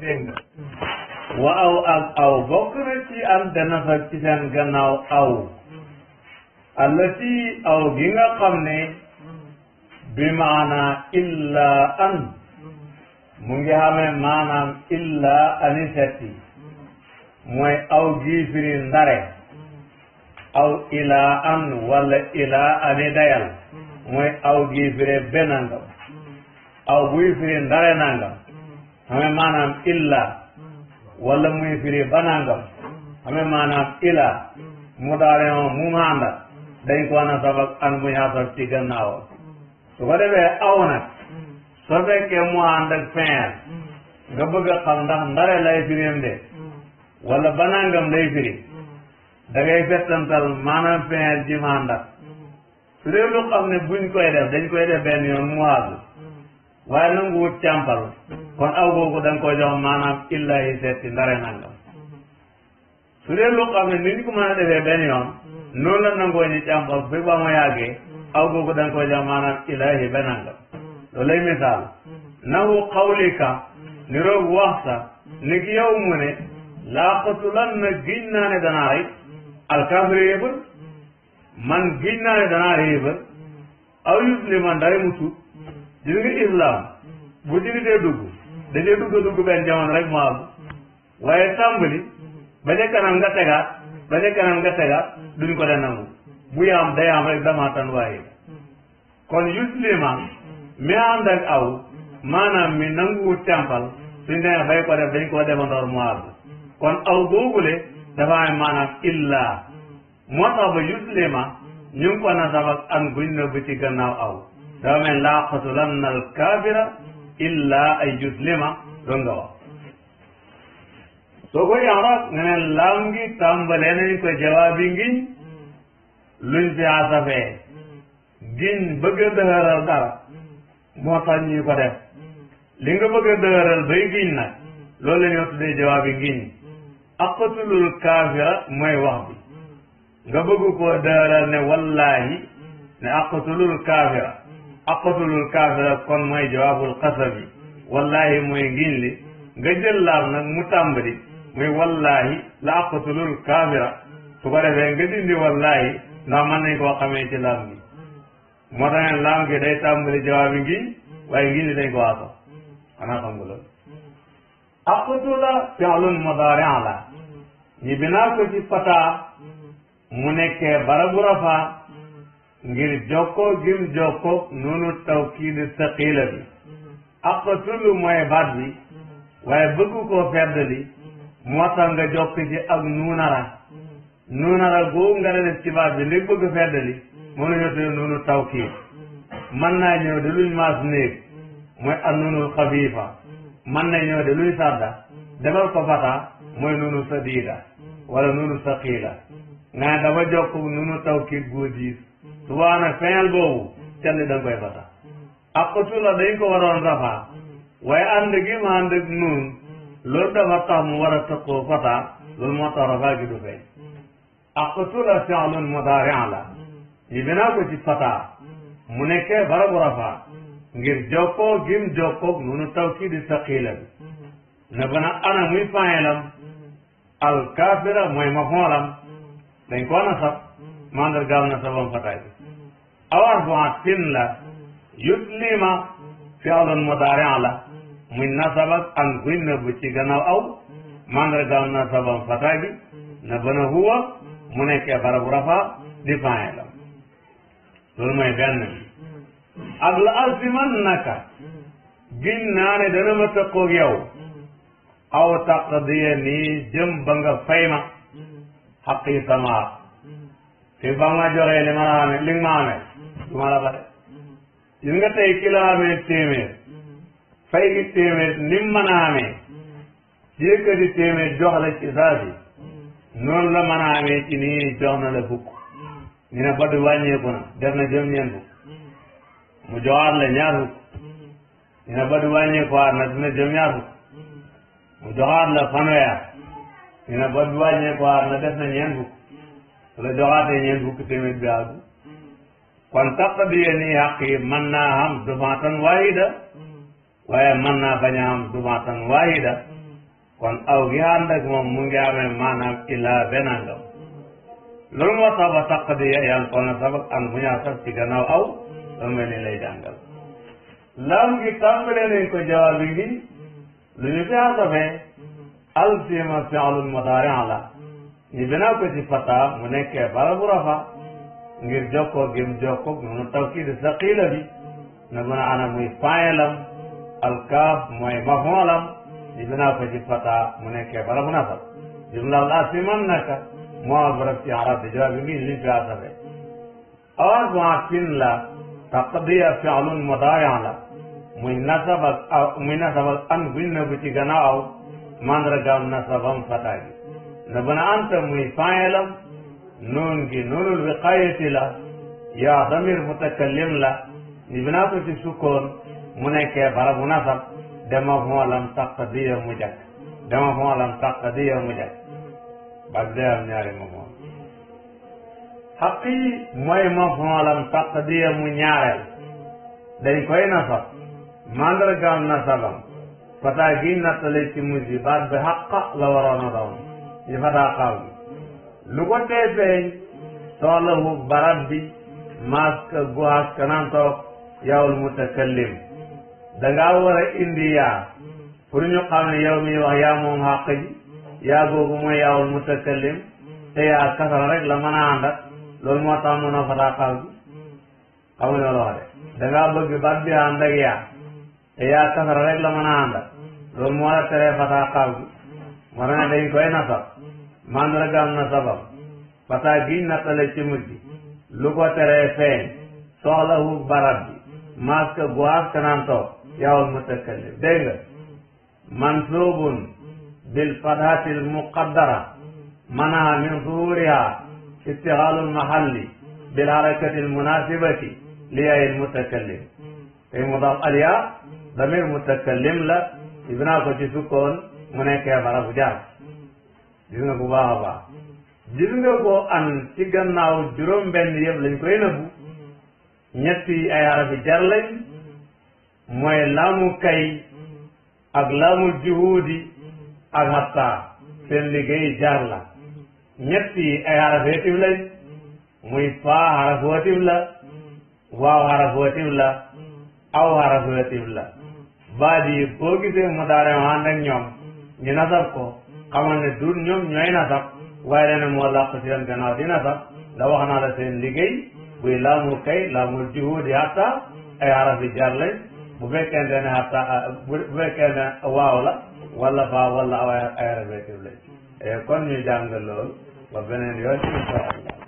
dégg nga wa aw aw bokk na ci am dana fa ci seen gannaaw aw allati aw gi nga xam ne bi maana illa an mu ngi xamee maanaam illa anisati mooy aw gii firi ndare aw ila an walla ila ani dayal mooy aw gii firi benangam aw buy firi ndare nangam xamee maanaam illa mm. wala muy firi banangam xamee mm. maanaam ila mm. mu daare mu maanda dañ ko na an bu ñaa sab ci gannaaw su ko defee aw nag mu ànd ak nga bëgg a ndax ndare lay firim de wala banangam lay firi da ngay fettantal maanaam fin ji maanda su dee lu buñ koy def dañ koy def benn mu waagu waaye nangu wut kon aw googu da nga koy jox maanaam illa ndare nangam su dee lu ne ni ñu ko mën a defee benn yoon noonu la nangoo ñu ba bi ba ma aw googu da nga koy jox maanaam illa nangam loolu misaal nawu xawlika ni roog wax sa ni ki yow mu na giñ naa ne danaa rey alkaafiri yéefar man giñ naa ne danaa rey aw yusliman day mu tuub gis islam bu julli dee dugg dajee dugg a dugg benn jamono rek mu àgg mm-hmm. waaye tàmbali mm-hmm. ba ca kanam nga tegaat mm-hmm. ba ca kanam nga tegaat duñ ko de nangu bu yaam day am rek damaa tan waaye kon yuslima mi ànd ak aw maanaam mi nanguwu càmpal suñ demee bay ko def dañ koo defandoor mu àgg kon aw boobule dafa am maanaam illaa moo tax ba yuslima ñu ngi ko nasab ak an guñ na bu ci gannaaw aw dafa mel laa xasulan illaa ay yuslima doon wax soo koy arab nga ne laam gi tàmbalee nañ ko jawaabi ngiñ luñ fi asafee giñ bëgg a dëhëral dara moo tax ko def li nga bëgg a bay giñ nag loolu la ñoo tuddee jawaabi ngiñ aqatulul kaafira mooy wax bi nga bëgg koo dëhëral ne wallaahi ne aqatulul kaafira aqatulul kaafira kon mooy jawaabul xasabi wallaahi mooy ngiñ li nga laam nag mu tàmbali muy wallaahi la aqatulul kaafira su ko defee nga dindi wallaahi ndax mën nañ koo xamee ci laam gi moo tax gi day tàmbali jawaabi ngiñ waaye ngiñ li dañ ko waaso xanaa xam nga loolu aqatula fi'lun ci fataa mu nekkee barabu rafaa ngir jokkoo gim jokkoo noonu tawkiid saqiila bi mm-hmm. aqtulu mooy baat bi mm-hmm. waaye bëggu koo feddali mm-hmm. moo tax nga jokk ci ak nuunara nuunara googu nga def ci baat bi léegi bëgg feddali moo la ñoo tuddee noonu mën naa ñëw de luñ maas néeg mooy ak noonu xafiifa mën na ñëw de luñ sàdda defal ko fata mooy noonu sadiida wala noonu saqiila nga dama jokk noonu tawkiid goo diis subaa nag feneel boobu ca ni danga koy fata ak utula dañ ko waroon rafaa waaye ànd gi ma ànd ak nuun loolu mu war a fata loolu moo tax rafaa gi du feeñ ak utula fi'lun mudaari' la ñu binaa ko ci fata mu nekkee barabu rafaa ngir jokkoo gim jokkoog nunu tawkiidi saqiila bi ne bana ana muy fa'ilam alkaafira mooy mafoolam dañ ko na sab mandargaal na sabam fataay awaas sin la yuslima fi'lun mudaari' la muy nasabak an kuy nëbb ci gannaaw aw mandargaaw nasabam fata bi na bana huwa mu nekkee barabu rafa di fane la loolu mooy benn ak la alzimannaka giñ naa ne dana ma tëqoog yow aw taqdiya nii jëm ba nga fay ma xaqi sama fi ba ma joree li ma amee li ma amee du ma la bare gis nga tey ki la amee téeméer fay gi téeméer ni mu mën a amee yëkkati téeméer jox la ci saa si noonu la mën a amee ci nii jox na la fukk ñu ne badu wàññeeku na def na jëm ñeent fukk mu joxaat la ñaar fukk ñu ne badu wàññeeku waat na dina jëm ñaar fukk mu joxaat la fanweer ñu ne badu wàññeeku waat na def na ñeent fukk su la joxaatee ñeent fukk téeméer bi àggu kon taqdiye nii xaq yi mën dumaatan waahida mm-hmm. waaye mën naa bañ a xam dumaatan waahida mm-hmm. kon aw gi ànd ak moom mu ngi amee maanaam illaa benangam mm-hmm. loolu moo tax ba taqdiye kon na an mu ñaa ci gannaaw aw loolu mel ni lay jàngal laam gi tàmbalee nañ ko jawaabi gi lu ñu fi asafee alsima fi'lun mudaari' la ñu binaa ko ci fataa mu nekkee bala bu ngir jokkoo gim jokkoo noonu tawkiid saqiila bi na mën a ana muy faayelam alkaaf mooy mafoolam di binaa fata mu nekkee bala mu nafal jumla al asiman naka moo am arab di jawaab bi liñ fi asafe awaas asin la taqdiya fi'lun mudaari'an la muy nasabal muy nasabal an buñ na bu ci gannaaw aw mandargaam nasabam fata gi na mën a anta muy faayelam noon gi noonul wiqaayati la yaa damir mutakallim la ni binaa ko ci sukkoon mu nekkee barabu nasab dama moolam taqdiya mu jag dama moolam taqdiya mu jag bag day am ñaari ma mool xaqi mooy ma moolam taqdiya mu ñaareel dañ koy nasab mandargaam nasabam fataa gi nattale ci musi baat bi xaqa la waroon a doon yi fataa xaw lu ko tee feeñ soxla wu bi mask gu askanam toog yawul mutakallim da ngaa war a indi yaa pour ñu xam ne yow mi wax yaa moom xàq ji yaa googu te yaa kasara rek la mën a ànd ak loolu moo tax mënoo fataa xaw gi xam nga loolu wax de da ngaa bëgg baat bi ànd ak yaa te yaa rek la mën a ànd ak loolu moo la teree fataa xaw koy nasar مانرغان نصب فتا جين نقل چمج لوگو ترے سین سوالہ برابر ماسک گواس کنان تو یاول متکل دیگ منصوب بالفضات المقدرة منع من ظهورها اشتغال المحل بالحركة المناسبة لأي المتكلم في مضاف عليها ضمير متكلم لك ابنك جسوكون هناك يا برافو gis nga bu baax a baax gis nga an ci gannaaw juróom benn yëpp lañ koy nëbbu ñett yi ay arafi jar lañ mooy laamu kay ak laamu juhuudi ak hatta seen liggéey la ñett yi ay xaraf watif lañ muy faa xaraf watif la waaw xaraf watif la aw xaraf watif la baat yi boo mu daare ànd ak ñoom ñu nasab ko xamal ne duur ñoom ñooy na sax waaye leneen moo làq si leen gannaaw dina sax da wax na la seen liggéey buy laamu kay laamul jiwu di hatta ay arafi jar lañ bu fekkente ne hatta bu fekkee ne waaw la wala faa wala ay arafi lañ eh, kon ñu jàng lool ba beneen yoon incha allah